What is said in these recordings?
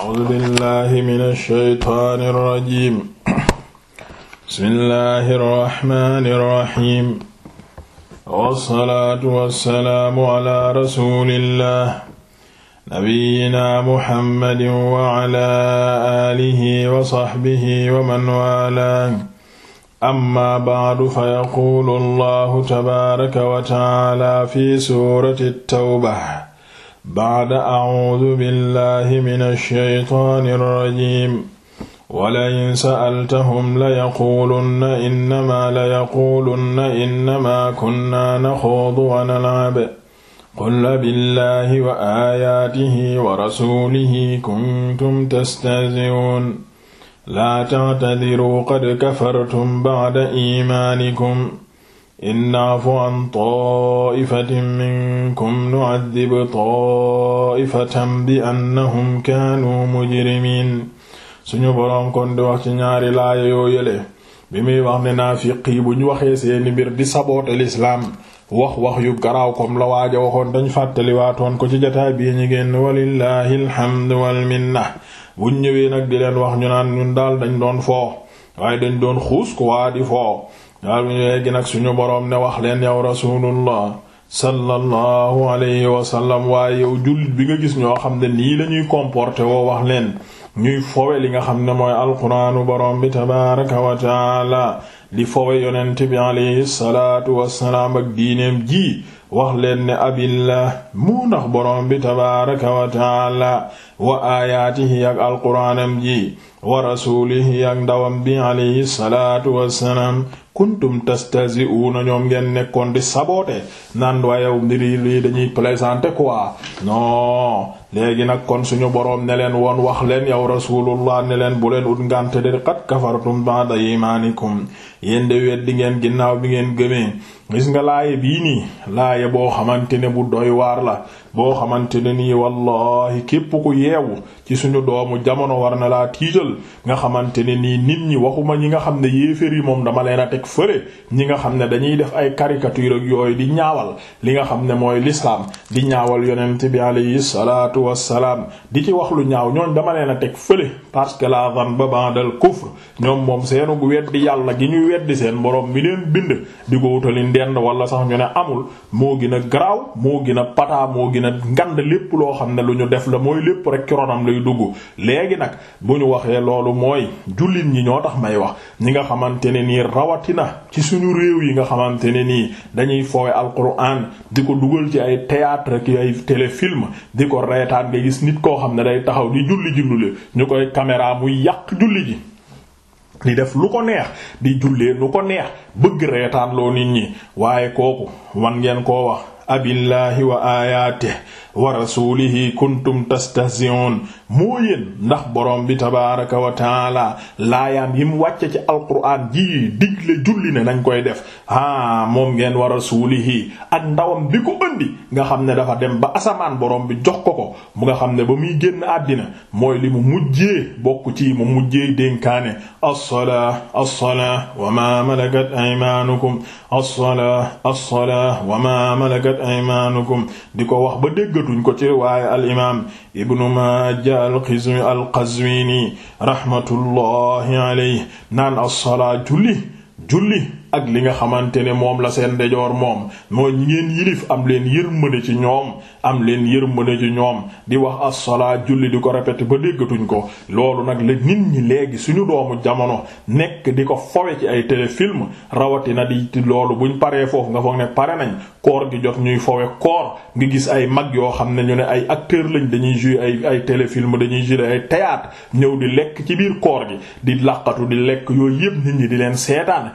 A'uuzu billaahi mina shaytaani rajiim. Bismillaahi rahmaani rahiim. Wassalaatu wassalaamu alaa rasuulillaah. Nabiyyinaa Muhammadin wa alaa aalihi wa sahbihi wa man waalaah. Amma ba'du fa yaquulu Allaahu tabaaraka wa ta'aalaa fi suurati at-Tawba. bacda acuudu billahi min alshaytaani alrajim walain sa'altahum layaquulunna innamaa layaquulunna innamaa kunnaa naxuudu wa nalcab qul abillahi wa aayaatihi wa rasuulihi kuntum tastahzi'uun laa tactadiruu qad kafartum bacda iimaanikum in na'fu an taa'ifatin minkum nu'adhib taa'ifatan bi annahum kaanu mujrimiin suñu boroom kon di wax ci ñaari laaya yoo yële bi muy wax ne naafiq yi bu ñu waxee seeni mbir di saboote lislaam wax wax yu garaw comme la waaja waxoon dañ fàttaliwaatoon ko ci jataay bii ñi walillahi alhamdu wal minna buñ ñëwee nag di leen wax ñu naan ñun daal dañ doon foo waaye dañ doon xuus ko waa foo daal léegi nag suñu boroom ne wax leen yow rasulullah sallallahu alayhi wasallam waaye yow jullit bi nga gis ñoo xam ne nii la ñuy comporté woo wax leen ñuy fowe li nga xam ne mooy alquraanu boroom bi tabaaraka wa taala di fowe yonent bi alayhi salaatu wassalaam ak diineem ji wax leen ne abillah mu ndax boroom bi tabaaraka wa wa aayaatihi ak alquraanam ji wa rasuulihi ak ndawam bi alayhi salaatu wassalaam kuntum tastahzi'uuna ñoom ngeen nekkoon di saboter naan waaye mbiri lii dañuy plaisanter quoi non léegi nag kon suñu boroom ne leen woon wax leen yow rasulullah ne leen bu leen ut ngante de qad kafartum ba'da iimaanikum yéen de weddi ngeen ginnaaw bi ngeen gëmee gis nga laaye bii nii laaye boo xamante ne bu doy waar la boo xamante ne nii wallahi képp ku yeewu ci suñu doomu jamono war na laa tiital nga xamante ne nii nit ñi waxuma ñi nga xam ne yéefér yi moom dama leen a teg fële ñi nga xam ne dañuy def ay caricature ak yooyu di ñaawal li nga xam ne mooy lislaam di ñaawal yonent bi alayhi salaatu wassalaam di ci wax lu ñaaw ñooñ dama leen a teg fële parce que la zanba ba'dal kufr ñoom moom seenu weddi yàlla gi ñuy weddi seen boroom bi leen bind di ko wutali ndend wala sax ñu ne amul moo gën dina ngand lépp loo xam ne lu ñu def la mooy lépp rek ci ronam lay dugg léegi nag bu ñu waxee loolu mooy jullit ñi ñoo tax may wax ñi nga xamante ne nii rawatina ci suñu réew yi nga xamante ne nii dañuy foowe alquran di ko dugal ci ay théâtre ki ay téléfilm di ko reetaan nga gis nit koo xam ne day taxaw di julli ji lule ñu koy caméra muy yàq julli ji di def lu ko neex di jullee lu ko neex bëgg reetaan loo nit ñi waaye kooku wan koo wax abillaahi wa aayaatihi wa rasulihi kuntum tastahzi'un moo yéen ndax borom bi tabaraka wa taala laayaam yi mu wàcce ci alquran ji digle julli ne nañ koy def ah moom ngeen wa rasulihi ak ndawam bi ko ëndi nga xam ne dafa dem ba asamaan borom bi jox ko ko mu nga xam ne ba muy génn àddina mooy li mu mujjee bokk ci mu mujjee dénkaane as-salaa as wa ma malakat aymanukum as-salaa as-salaa wa ma malakat aymanukum di ko wax ba dégg tuddatuñ ko ci riwaaye al imaam ibnu maaja al qazwini al qazwini rahmatullahi alayhi naan as-salaa julli julli ak li nga xamante ne moom la seen ndejoor moom mooy ñi yilif am leen yërmande ci ñoom am leen yërmande ci ñoom di wax as-salaa julli di ko répété ba déggatuñ ko loolu nag la nit ñi léegi suñu doomu jamono nekk di ko fowe ci ay téléfilm rawatina di loolu buñ paree foofu nga foog ne pare nañ koor gi jot ñuy fowe koor ngi gis ay mag yoo xam ne ñu ne ay acteurs lañ dañuy jouer ay ay téléfilm dañuy jouer ay théâtre ñëw di lekk ci biir koor gi di laqatu di lekk yooyu yëpp nit di leen seetaan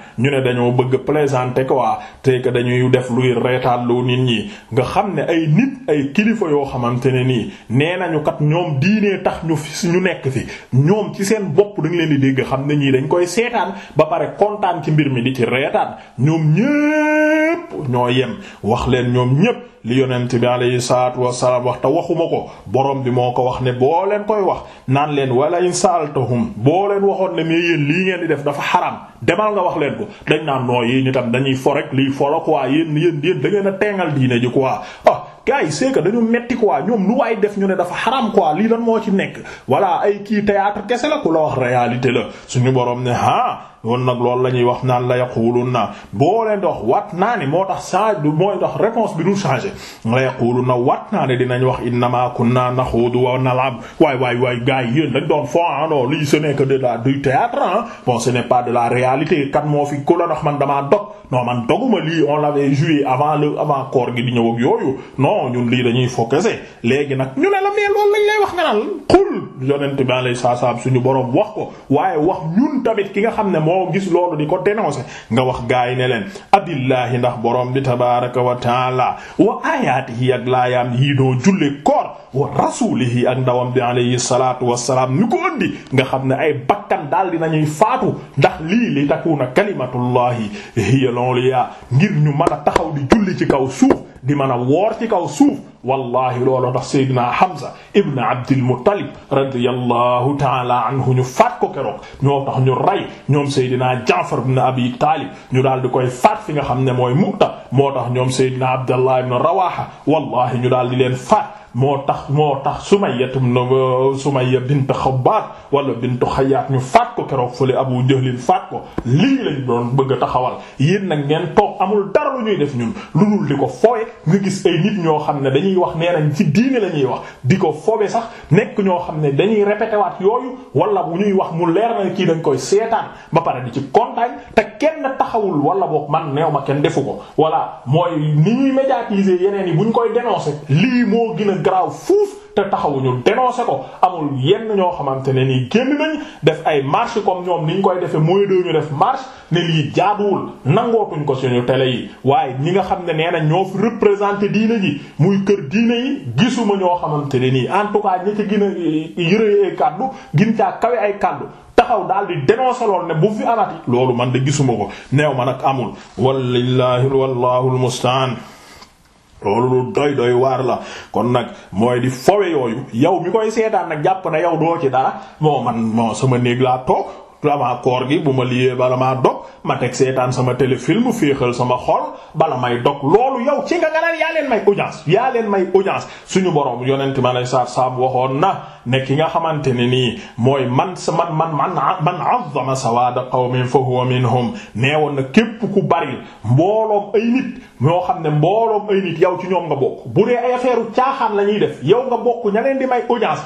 dañoo bëgg plaisanter quoi tey que dañuy def luy reetaanloo nit ñi nga xam ne ay nit ay kilifa yoo xamante ne nii nee nañu kat ñoom diinee tax ñu fi ñu nekk fi ñoom ci seen bopp dañ leen di dégg xam ne ñii dañ koy seetaan ba pare kontaan ci mbir mi di ci reetaan ñoom ñépp ñoo yem wax leen ñoom ñépp li yonent bi alayhi salaatu wassalaam wax te waxuma ko boroom bi moo ko wax ne boo leen koy wax naan leen wala in boo leen waxoon ne mais yéen lii naan noo yi ñu tam dañuy fo rek liy folo quoi yéen yéen yéen da ngeen a teengal diine ji quoi ah gars yi dañu metti quoi ñoom lu waay def ñu ne dafa xaram quoi lii lan moo ci nekk voilà ay kii théâtre kese la ku la wax réalité la suñu borom ne ah loolu nag la ñuy wax naan la yaquluna boo leen di wax wat naa ne moo tax change du mooy tax réponse bi du changé la na wat naa ne dinañ wax innama kunna naxuudu wa nalab waay waay waay gars yi yéen dañ doon fo ah non lii ce n'est la du théâtre ah bon de la réalité kat moo fi ku la ndax damaa dog non man doguma lii on l'avait joué avant le avant gi di ñëw ak yooyu non ñun la mais loolu lañ lay wax nga naan xul yonent bi alayhi salaam suñu borom wax ko waaye wax ñun tamit ki nga xam ne moo gis loolu di ko dénoncé nga wax gaa yi ne leen abillaahi ndax boroom bi tabaaraka wa taala wa ayaatihi ak laayaam yii doo julli koor wa rasuulihi ak ndawam bi alayhi salaatu wassalaam ñu ko ëndi nga xam ne ay bakkan daal dinañuy faatu ndax lii li takuna kalimatullahi hiya loolu yaa ngir ñu mën a taxaw di julli ci kaw suuf di mën a woor ci kaw suuf wallahi looloo tax Seydina Hamza ibn Abdul Muttalib radiyallahu ta'ala anhu ñu faat ko keroog ñoo tax ñu rey ñoom Seydina Jaafar ibn Abi Taalib ñu daal di koy faat fi nga xam ne mooy Mu'ta moo tax ñoom Seydina Abdallah ibn Rawaha wallahi ñu daal di leen faat moo tax moo tax sumayyatum na sumayya bint xabaat wala bint xayaat ñu faat ko keroog fële Abu Jahlin faat ko lii lañ doon bëgg a taxawal yéen amul dara lu ñuy def ñun lu dul di ko foowe nga gis ay nit ñoo xam ne dañuy wax nee nañ ci diine la ñuy wax di ko foowe sax nekk ñoo xam ne dañuy répété waat yooyu wala bu ñuy wax mu leer nañ kii dañ koy seetaan ba pare di ci kontaan te kenn taxawul wala boog man neew ma kenn defu ko voilà mooy ni ñuy médiatiser yeneen yi bu ñu koy dénoncer lii moo gën a grave fuuf te taxawuñu dénoncé ko amul yenn ñoo xamante ne nii génn nañ def ay marche comme ñoom niñ koy defee mooy doo ñu def marche ne lii jaaduwul nangootuñ ko suñu tele yi waaye ñi nga xam ne nee na ñoo fi représenté diine ji muy kër diine yi gisuma ñoo xamante ne nii en tout cas ñi ci gën a eh, ay kàddu gin caa kawe ay kàddu taxaw daal di dénoncer lool ne bu fi amati loolu man de gisuma ko neew ma nag amul wallaahi wallaahu almustaan loolu lu doy doy waar la kon nag mooy di fowe yooyu yow mi koy seetaan nag jàpp na yow doo ci dara moo man moo sama néeg laa toog avant koor gi bu ma liyee bala maa dog ma teg seetaan sama téléfilm féexal sama xol bala may dog loolu yow ci nga ganaan yaa leen may audience yaa leen may audience suñu borom yonent ma lay saar saab waxoon na ne ki nga xamante ne nii mooy man sa man man man man azzama sawaada qawmin fa huwa minhum nee woon na képp ku bari mbooloom ay nit ñoo xam ne mbooloom ay nit yow ci ñoom nga bokk bu dee ay affaire caaxaan la ñuy def yow nga bokk ña leen di may audience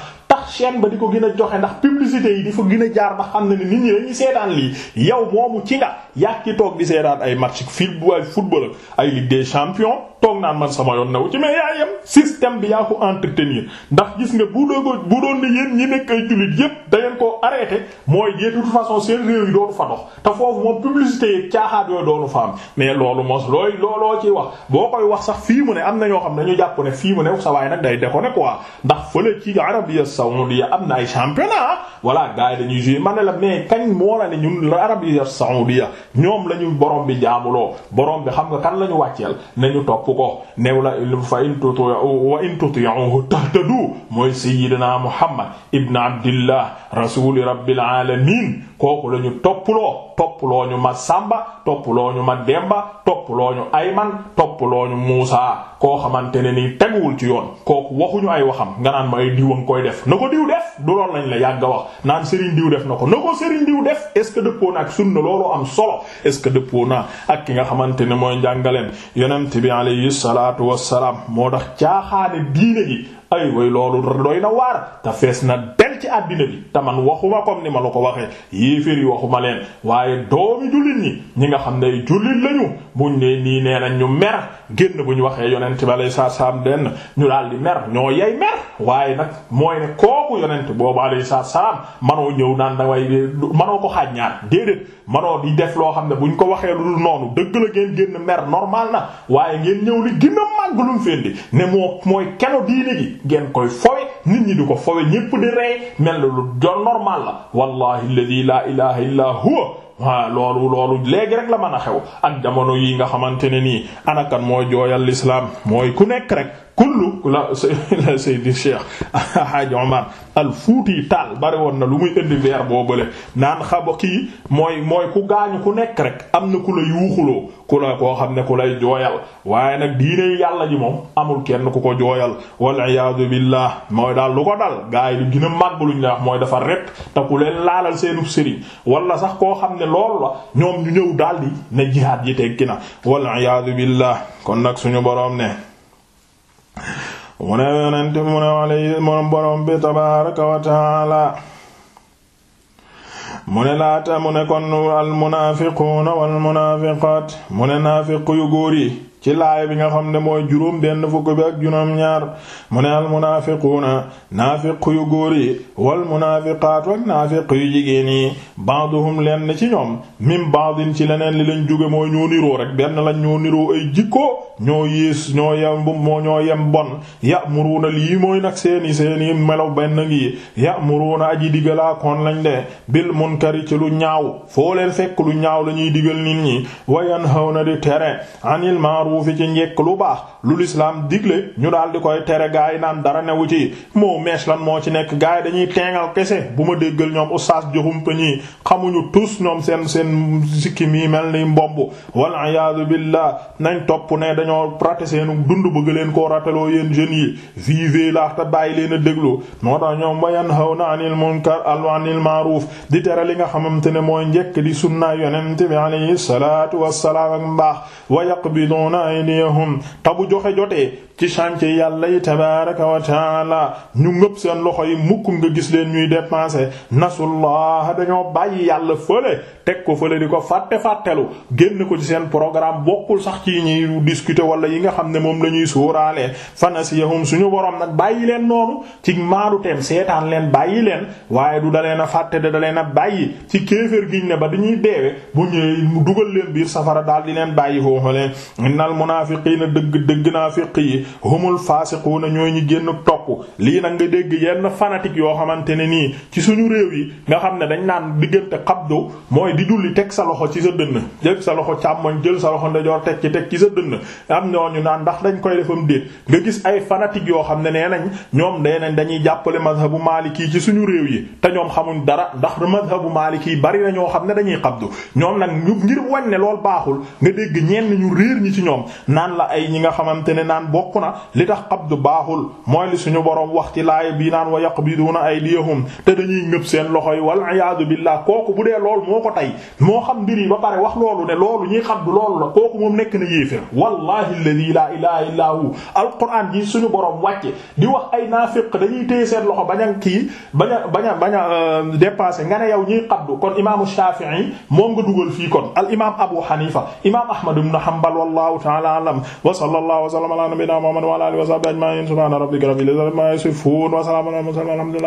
tax chaîne di ko gën a joxe ndax publicité yi di fa gën a jaar ba xam ne ni nit ñi dañuy seetaan lii yow moomu ci nga yàq ki toog di seetaan ay match fil bu ay football ay ligue des champions toog naan man sama yoon newu ci mais yaa yem bi yaa ko entretenir ndax gis nga bu doo bu doon ne yéen ñi nekk ay jullit yépp da ngeen koo arrêté mooy de toute façon seen réew yi doonu fa dox te foofu moom publicité yi caaxaat yooyu doonu fa am mais loolu mos looy looloo ciy wax boo koy wax sax fii mu ne am na ñoo xam ne dañu jàpp ne fii mu ne sa waay nag day déconné quoi ndax fële ci Arabie saoudite am na ay championnat voilà gars yi dañuy jouer man la mais kañ moo la ne ñun Arabie saoudite ñoom la ñu borom bi jaamuloo borom bi xam nga kan la ñu wàcceel ñu topp ko new la fa in tutu wa in tuti'uhu tahtadu mooy sayyidina muhammad ibn abdillah rasuli rabbil alamin kooku la ñu topploo topploo ñu ma sàmba topploo ñu ma demba topploo ñu ay ayman topploo ñu muusa koo xamante ne nii teguwul ci yoon kooku waxuñu ay waxam nga naan ma ay diwan koy def na ko diw def du lool lañ la yàgg a wax naan sëriñ diw def na ko na ko sëriñ diw def est dëppoon ak sunna looloo am solo loxo ce que dëppoo naa ak ki nga xamante ne mooy njàngaleen yonent bi alayhi salaatu wassalaam moo tax caaxaane diine gi ay way loolu doy na waar te fees na del ci àddina bi te man waxuma comme ni ma la ko waxee yéeféer yi waxuma leen waaye doomi jullit ñi ñi nga xam ne jullit lañu buñ ne nii nee nañ ñu mer génn bu ñu waxee yonent bi alayhi salaam denn ñu daal di mer ñoo yey mer waaye nag mooy ne kooku yonent boobu alayhi salaam manoo ñëw naan da manoo ko xaaj ñaar déedéet manoo di def loo xam ne buñ ko waxee lu dul noonu dëgg la ngeen génn mer normal na waaye ngeen ñëw li gën a màgg lu mu fendi ne moo mooy keno diine gi ngeen koy fowe nit ñi di ko fowe ñépp di rey mel lu jol normal la wallahi alladhi la huwa waaw loolu loolu léegi rek la mën a xew ak jamono yii nga xamante ne nii anakan mooy jooyal lislaam mooy ku nekk rek kullu la la Seydi Cheikh Hadj Omar al Fuuti Taal bari woon na lu muy indi verre boobule naan xabo kii mooy mooy ku gaañu ku nekk rek am na ku la yuuxuloo ku la koo xam ne ku lay jooyal waaye nag diine yàlla ji moom amul kenn ku ko jooyal walla iyaadu billah mooy daal lu ko a mooy dafa rep te ku leen sax koo xam ne loolu la ñoom ñu daldi ne jihaad yi teggi na wal iyaadu billah kon nag suñu boroom ne mu ne yonent mu ne wala moom boroom mu ne laata mu ne kon al munaafiquuna munaafiqaat mu ne naafiq yu góor yi ci laaya bi nga xam ne mooy juróom benn fukk bi ak juróom ñaar mu ne al munaafiquuna naafiq yu góor yi wal munaafiqaatu ak naafiq yu jigéen yi ba'duhum lenn ci ñoom min ba'din ci leneen li lañ jóge mooy ñoo niroo rek benn lañ ñoo niroo ay jikko ñoo yées ñoo yem moo ñoo yem bon ya'muruuna lii mooy nag seeni seeni melaw benn ngi ya'muruuna aji digalaa koon lañ de bil munkari ci lu ñaaw foo leen fekk lu ñaaw lañuy digal nit ñi wa yanhawna di tere anil amu fi ci njekk lu baax lu lislaam digle ñu daal di koy tere gaay naan dara newu ci moo mees lan moo ci nekk gaay dañuy teengal kese bu ma déggal ñoom ustaas joxum pëñi xamuñu tus ñoom seen seen sikkim yi mel ni mbomb wal iyaadu billah nañ topp ne dañoo raté seen dund bëgg leen koo rateloo yéen jeunes yi vivez la te bàyyi leen a déglu moo tax ñoom wa yanhawna anil munkar wa anil ma'ruf di tere li nga xamante ne mooy njekk di sunna yonent bi alayhi salaatu wassalaam ak mbaax aydiyahum tabu joxe jotee ci chantier yàlla yi tabaaraka wa taala ñu ngëp seen loxo yi mukk nga gis leen ñuy dépenser nasullah dañoo bàyyi yàlla fële teg ko fële di ko fàtte fàttelu génn ko ci seen programme bokkul sax ci ñuy discuter wala yi nga xam ne moom la ñuy sóoraale fanasiyahum suñu borom nag bàyyi leen noonu ci maadu teem seetaan leen bàyyi leen waaye du dalee na fàtte de dalee na bàyyi ci kéefër giñ ne ba ñuy deewe bu ñëwee mu dugal leen biir safara daal di leen bàyyi foofu leen innal dëgg dëgg naafiq humul faasiquuna ñooy ñi génn topp lii nag nga dégg yenn fanatique yoo xamante ne nii ci suñu réew yi nga xam ne dañ naan diggante xabdu mooy di julli teg sa loxo ci sa dënn jël sa loxo càmmoñ jël sa loxo ndajoor teg ci teg ci sa dënn am ñooñu naan ndax dañ koy defam déet nga gis ay fanatique yoo xam ne nee nañ ñoom nee nañ dañuy jàppale mazhabu maliki ci suñu réew yi te ñoom xamuñ dara ndax mazhabu maliki bari na ñoo xam ne dañuy xabdu ñoom nag ñu ngir ne lool baaxul nga dégg ñenn ñu réer ñi na li tax qabdu baaxul mooy li suñu borom wax ci laay bii naan wa yaqbiduuna aydiyahum te dañuy ngëb seen loxo yi wal iyaadu billah kooku bu dee loolu moo ko moo xam mbir yi ba pare wax loolu ne loolu ñuy xam du loolu la kooku moom nekk na yéeféer wallahi alladhi laa ilaha illaa hu alquran ji suñu borom wàcce di wax ay naafiq dañuy téye seen loxo bañ kii bañ a bañ a bañ a euh, dépasser nga ne yow ñuy qabdu kon imaamu Shafi'i moom nga dugal fii kon al imaam Abu Hanifa imaam Ahmad ibn Hanbal wallahu Muhammad wa ala alihi wa sahbihi ajma'in subhana rabbika rabbil izzati amma yasifun wa salamun